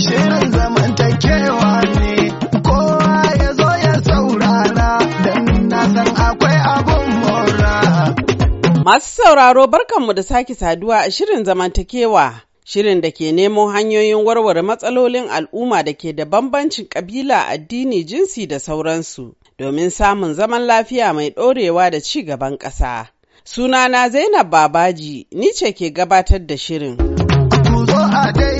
Shirin zamantakewa ne ya ya saurara don Masu sauraro barkanmu da sake saduwa a shirin zamantakewa. Shirin da ke nemo hanyoyin warware matsalolin al'umma da ke da bambancin kabila, addini, jinsi da sauransu domin samun zaman lafiya mai ɗorewa da ci gaban ƙasa. Sunana Zainab Babaji, ni ce ke gabatar da shirin. Ku a dai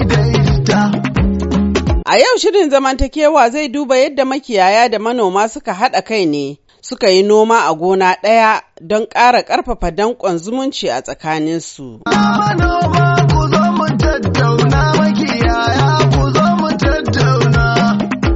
A yau shirin zamantakewa zai duba yadda makiyaya da manoma suka haɗa kai ne suka yi noma a gona ɗaya don ƙara ƙarfafa danƙon zumunci a tsakaninsu.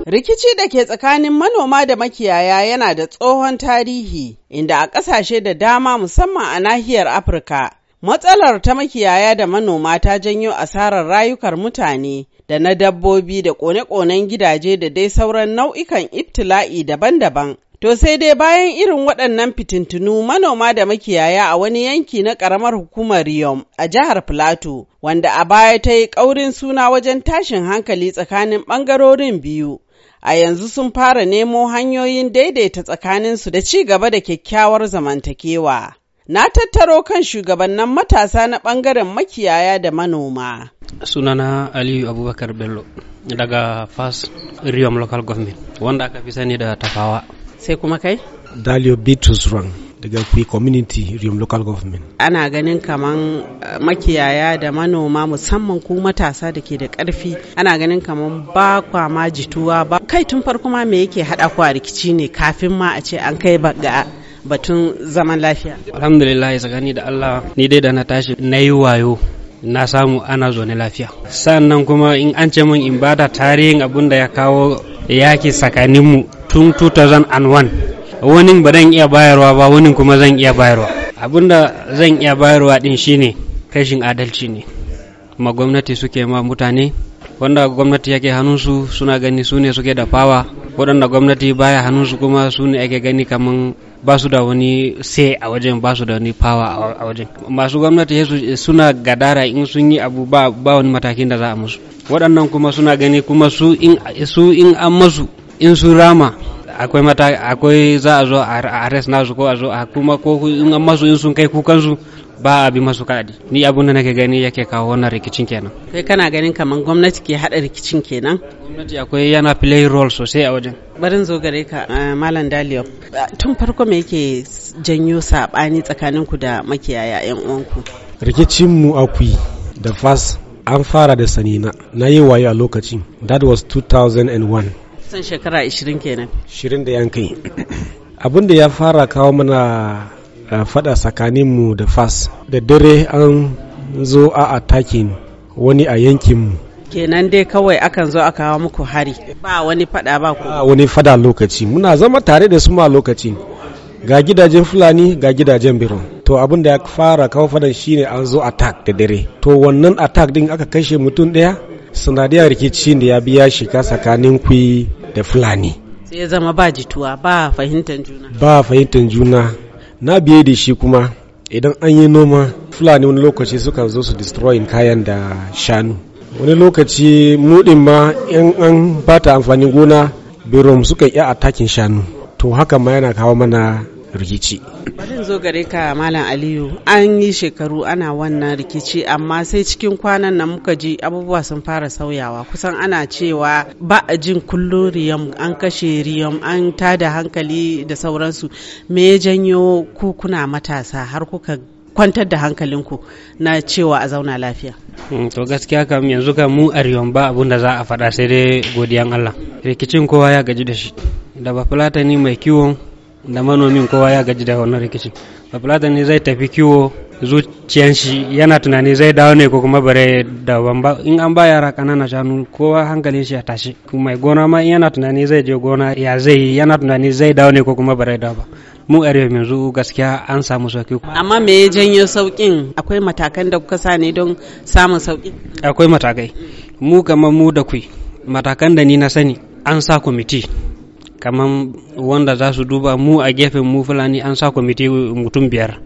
Rikici da ke tsakanin manoma da makiyaya yana da tsohon tarihi inda a ƙasashe da dama musamman a nahiyar Afirka. Matsalar ta makiyaya da manoma ta janyo asarar rayukar mutane da na dabbobi da ƙone-ƙonen gidaje da dai sauran nau'ikan ibtila'i daban-daban. To sai dai bayan irin waɗannan fitintunu manoma da makiyaya a wani yanki na ƙaramar hukumar Riyom a jihar Filato, wanda a baya ta yi ƙaurin suna wajen tashin hankali tsakanin ɓangarorin biyu. A yanzu sun fara nemo hanyoyin daidaita tsakaninsu da ci gaba da kyakkyawar zamantakewa. Na tattaro kan shugabannin matasa na ɓangaren makiyaya da manoma. sunana aliyu abubakar bello daga fas riyom local government wanda aka fi sani da tafawa sai kuma kai dalio Bitus rang daga kuyi community riyom local government ana ganin kaman eh, makiyaya da manoma musamman ku matasa da ke da karfi ana ganin kaman ba kwa ma jituwa ba kai tun farko ma me yake hada kwa rikici ne kafin ma a ce an kai ga batun zaman lafiya. Alhamdulillah tsakani da Allah ni dai da na tashi na yi wayo na samu ana zaune lafiya sannan kuma in an ce min in bada tarihin abin da ya kawo yaki tsakaninmu tun 2001 wani ba zan iya bayarwa ba wani kuma zan iya bayarwa abin da zan iya bayarwa din shine kashin adalci ne ma gwamnati suke ma mutane wanda gwamnati yake hannunsu suna gani su ne suke da fawa waɗanda gwamnati baya hannunsu kuma su ne ake gani kaman ba su da wani sai a wajen ba su da wani fawa a wajen masu gwamnati suna gadara in sun yi abu ba wani matakin da za a musu waɗannan kuma suna gani kuma su in an masu in sun rama akwai mata akwai za a zo a arrest nasu ko a zo a kuma ko in an masu in sun kai kukansu ba a bi masu kadi ni abun da nake gani yake kawo wannan rikicin kenan kai kana ganin kamar gwamnati ke haɗa rikicin kenan gwamnati akwai yana play role sosai a wajen barin zo gare ka eh, malam daliyo tun farko me yake janyo saɓani tsakanin ku da makiyaya yan uwanku rikicin mu akwi da fas an fara da sanina na yi wayo a lokacin that was 2001 san shekara 20 kenan 20 da yankai kai abin da ya fara kawo mana fada tsakaninmu da fas da dare an zo a attacking wani a yankinmu kenan dai kawai akan zo aka hawa muku hari ba wani fada ba ku wani fada lokaci muna zama tare da su ma lokaci ga gidajen fulani ga gidajen biro. to abin da ya fara kawo fadan shine an zo attack da dare to wannan attack din aka kashe mutum daya sanadiyar rikici da ya biya shiga tsakanin ku da fulani sai zama ba jituwa ba fahimtar juna ba fahimtar juna na biye da shi kuma idan an yi noma fulani wani lokaci sukan zo su destroying kayan da shanu wani lokaci mudin ma in an bata amfani gona birom suka iya takin shanu to haka ma yana kawo mana rikici. Bari zo gare ka Malam Aliyu an yi shekaru ana wannan rikici amma sai cikin kwanan nan muka ji abubuwa sun fara sauyawa kusan ana cewa ba a jin kullo riyam an kashe riyam an tada hankali da sauransu me ya janyo kukuna matasa har kuka kwantar da hankalinku na cewa a zauna lafiya. Hmm, to gaskiya kam yanzu kam mu arewan ba abun da za a faɗa sai dai godiyan Allah rikicin kowa ya gaji da shi da ba fulatani mai kiwon da manomin kowa ya gaji da wannan rikicin bafulatan ne zai tafi kiwo zuciyan shi yana tunani zai dawo ne ko kuma bare da ba in an ba yara kanana shanu kowa hankalin shi ya tashi mai gona ma yana tunani zai je gona ya zai yana tunani zai dawo ne ko kuma bare da ba mu arewa yanzu gaskiya an samu sauki amma me ya janyo saukin akwai matakan da kuka sa ne don samun sauki akwai matakai mu kamar mu da kui matakan da ni na sani an sa kwamiti kamar wanda za su duba mu a gefen mu fulani an sa kwamiti mutum biyar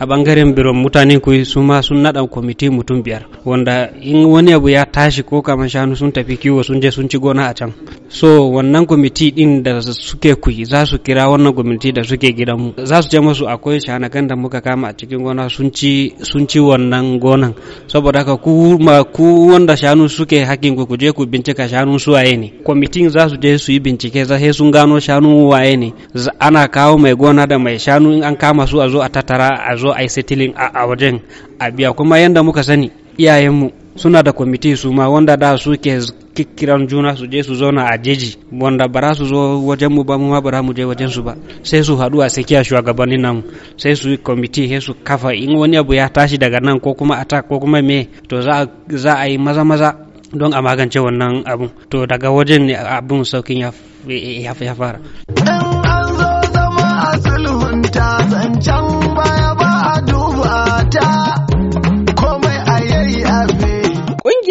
a bangaren biro mutane ku su ma sun nada kwamiti mutum biyar wanda in wani abu ya tashi ko kamar shanu sun tafi kiwo sun je sun ci gona a can so wannan kwamiti din da suke kuyi za su kira wannan kwamiti da suke gidanmu za su je musu akwai shanakan da muka kama a cikin gona sun ci sun ci wannan gonan saboda haka ku ma ku wanda shanu suke hakkin ku je ku bincika shanu su waye ne kwamitin za su je su yi bincike za he sun gano shanu waye ne ana kawo mai gona da mai shanu in an kama su a zo a tattara a zo zo a yi settling a wajen a biya kuma yadda muka sani iyayenmu suna da kwamiti su ma wanda da su ke kiran juna su je su zauna a jeji wanda bara su zo wajen mu ba mu ma bara mu je wajen su ba sai su haɗu a tsakiya shugabannin namu sai su kwamiti sai su kafa in wani abu ya tashi daga nan ko kuma attack ko kuma me to za a yi maza maza don a magance wannan abun to daga wajen ne abun saukin ya fara. In an zo zama a sulhunta zancen ba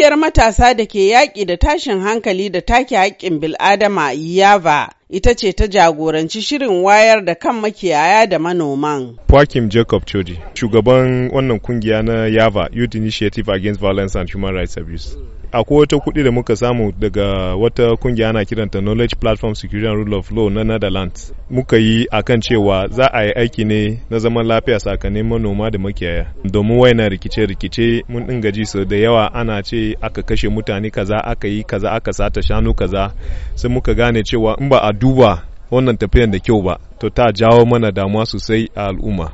kungiyar matasa da ke yaƙi da tashin hankali da take haƙƙin bil'adama Yava ita ce ta jagoranci shirin wayar da kan makiyaya da manoman. Joaquim Jacob Chodi, shugaban wannan kungiya na Yava Youth Initiative Against Violence and Human Rights Abuse. akwai wata kuɗi da muka samu daga wata kungiya ana kiranta knowledge platform security and rule of law na netherlands muka yi a kan cewa za a yi aiki ne na zaman lafiya tsakanin manoma da makiyaya domin waina rikice-rikice mun dinga ji sau da yawa ana ce aka kashe mutane kaza aka yi kaza aka sata shanu kaza sai muka gane cewa in ba a duba wannan tafiyan da kyau ba to ta jawo mana damuwa sosai a al'umma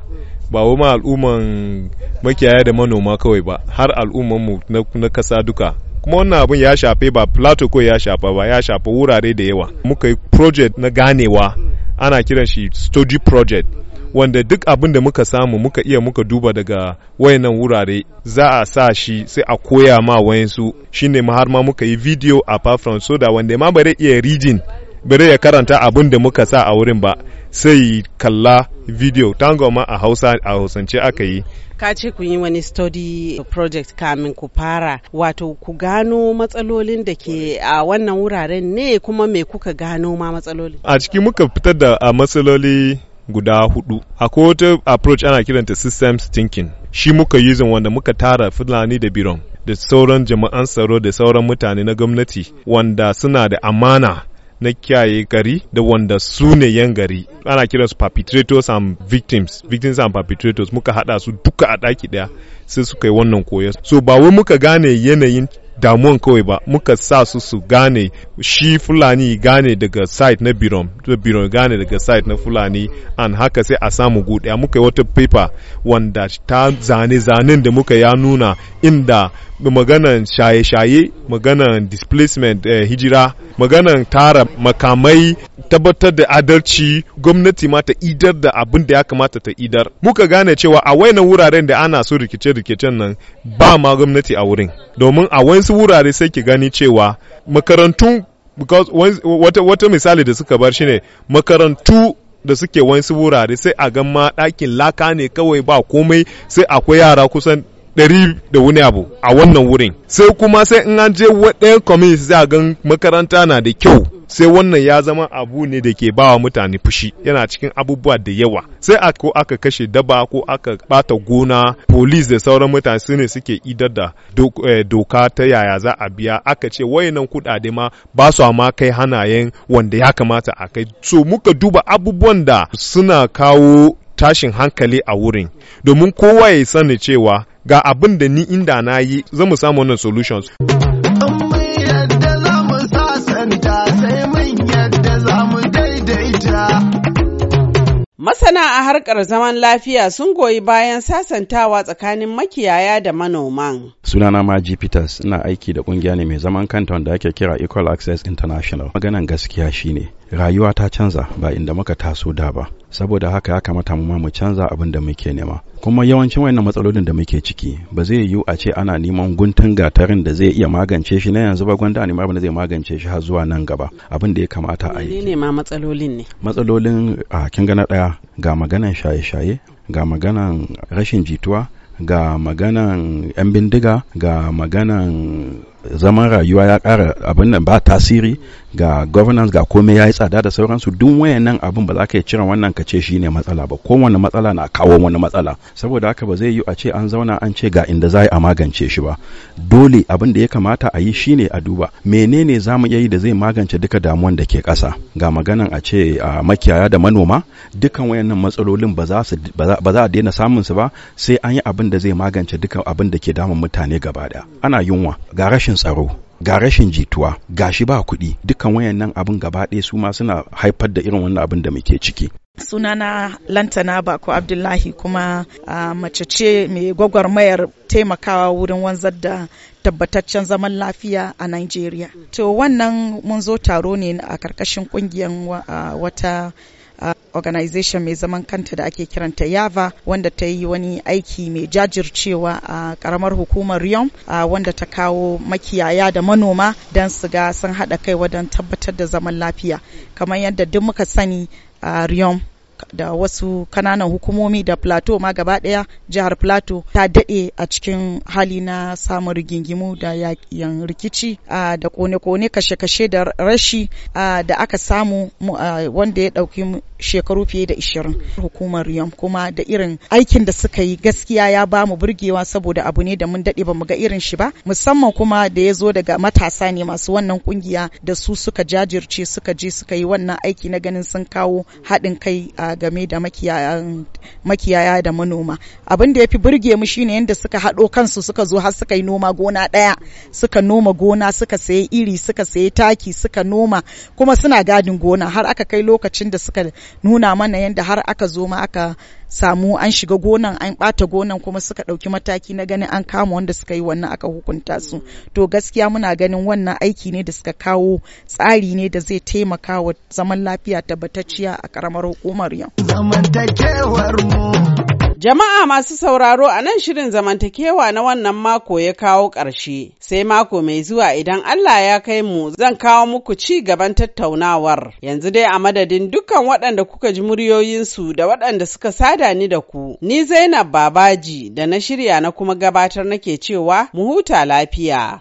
ba wai ma al'umman makiyaya da manoma kawai ba har al'umman mu na kasa duka kuma wannan abun ya shafe ba plateau ko ya shafa ba ya shafa wurare da yawa muka yi project na ganewa ana kiran shi study project wanda duk abin da muka samu muka iya muka duba daga wayannan wurare za a sa shi sai a koya ma wayansu shine ma har ma muka yi video apart from da wanda ma bare iya reading bare ya karanta abin da muka sa a wurin ba sai kalla video tango ma a hausa a hausance aka yi ka ce kun yi wani study project kamin ku fara wato ku gano matsalolin da ke a wannan wuraren ne kuma me kuka gano ma matsalolin a ciki muka fitar da matsaloli guda hudu akwai wata approach ana kiranta systems thinking shi muka using wanda muka tara fulani da biron da sauran jama'an tsaro da sauran mutane na gwamnati wanda suna da amana na kiyaye gari da wanda su ne yan gari ana su perpetrators and victims victims and perpetrators muka hada su duka a daki daya sai suka yi wannan koyo so ba wai muka gane yanayin damuwan kawai ba muka sa su su gane shi fulani gane daga site na birom da birom gane daga site na fulani an haka sai a samu gudu muka yi wata paper wanda ta zane-zanen da muka ya nuna inda maganan shaye-shaye maganan displacement eh, hijira maganan tara makamai tabbatar da adalci gwamnati ma ta idar da abin da ya kamata ta idar muka gane cewa a waina wuraren da ana so rikice-rikicen nan ba ma gwamnati a wurin domin a wasu wurare sai ki gani cewa makarantun wata, misali da suka bar shine makarantu da suke wasu wurare sai a gama ma ɗakin laka ne kawai ba komai sai akwai yara kusan ɗari da wani abu a wannan wurin sai kuma sai in an je ɗayan community za gan makaranta na da kyau sai wannan ya zama abu ne da ke bawa mutane fushi yana cikin abubuwa da yawa sai a ko aka kashe daba ko aka bata gona police da sauran mutane su ne suke idar da eh, doka ta yaya za a biya aka ce wayannan kudade ma ba su ma kai hanayen wanda ya kamata a kai so muka duba abubuwan da suna kawo tashin hankali a wurin domin kowa ya sani cewa ga abin da ni inda na yi zan mu samu wannan solutions Masana a harkar zaman lafiya sun goyi bayan sasantawa tsakanin makiyaya da manoman. Sunana ma G. Peters ina aiki da kungiya ne mai zaman kanta wanda ake kira Equal Access International. Maganan gaskiya shine rayuwa ta canza ba inda muka taso da ba. Saboda haka ya kamata mu ma mu canza abin da muke nema. kuma yawancin wayannan matsalolin da muke ciki ba zai yiwu a ce ana neman guntun gatarin da zai iya magance shi na yanzu ba gwanda ne na zai magance shi har zuwa nan gaba abin da ya kamata a yi ne ma matsalolin ne matsalolin a kin gana daya ga maganan shaye-shaye ga maganan rashin jituwa ga maganan 'yan bindiga ga maganan zaman rayuwa ya kara abin nan ba tasiri ga governance ga komai ya yi tsada da sauransu duk wayannan abin ba za ka yi cire wannan ka ce ne matsala ba wani matsala na kawo wani matsala saboda haka ba zai yi a ce an zauna an ce ga inda za a magance shi ba dole abin da ya kamata a yi ne a duba menene za mu yi da zai magance duka damuwan da ke kasa ga maganan a ce a makiyaya da manoma dukan wayannan matsalolin ba za a daina samun su ba sai an yi abin da zai magance duka abin da ke damun mutane gaba daya ana yunwa ga rashin rashin tsaro ga rashin jituwa ga shi ba kuɗi dukkan wayannan abin gaba ɗaya su ma suna haifar da irin wannan abin da muke ciki sunana lantana bako abdullahi kuma a mace ce mai gwagwarmayar taimakawa wurin wanzar da tabbataccen zaman lafiya a nigeria to wannan mun zo taro ne a karkashin kungiyar wata Uh, organization mai zaman kanta da ake kiranta yava wanda ta yi wani aiki mai jajircewa a karamar hukumar riyom uh, wanda ta kawo makiyaya da manoma don su ga sun haɗa kai wajen tabbatar da zaman lafiya kamar yadda duk muka sani a uh, da wasu kananan hukumomi da plateau ma gaba daya jihar plateau ta dade a cikin hali na samun rigingimu da yakin rikici da kone-kone kashe-kashe da rashi da aka samu wanda ya dauki shekaru fiye da 20 hukumar yam kuma da irin aikin da suka yi gaskiya ya ba mu burgewa saboda abu ne da mun dade ba mu ga irin shi ba musamman kuma da ya zo daga matasa ne masu wannan kungiya da su suka jajirce suka je suka yi wannan aiki na ganin sun kawo haɗin kai a game da makiyaya da manoma abin da ya fi burge mu shine yadda suka haɗo kansu suka zo har suka yi noma gona ɗaya suka noma gona suka sayi iri suka sayi taki suka noma kuma suna gadin gona har aka kai lokacin da suka nuna mana yadda har aka zo ma aka samu an shiga gonan an bata gonan kuma suka ɗauki mataki na ganin an kama wanda suka yi wannan aka hukunta su to gaskiya muna ganin wannan aiki ne da suka kawo tsari ne da zai taimaka wa zaman lafiya tabbatacciya a karamar hukumar yau Jama'a masu sauraro a nan shirin zamantakewa na wannan mako ya kawo ƙarshe, sai mako mai zuwa idan Allah ya kai mu zan kawo muku ci gaban tattaunawar. Yanzu dai a madadin dukkan waɗanda kuka ji muryoyinsu da waɗanda suka sada ni da ku, ni Zainab Babaji da na shirya na kuma gabatar nake cewa mu huta lafiya.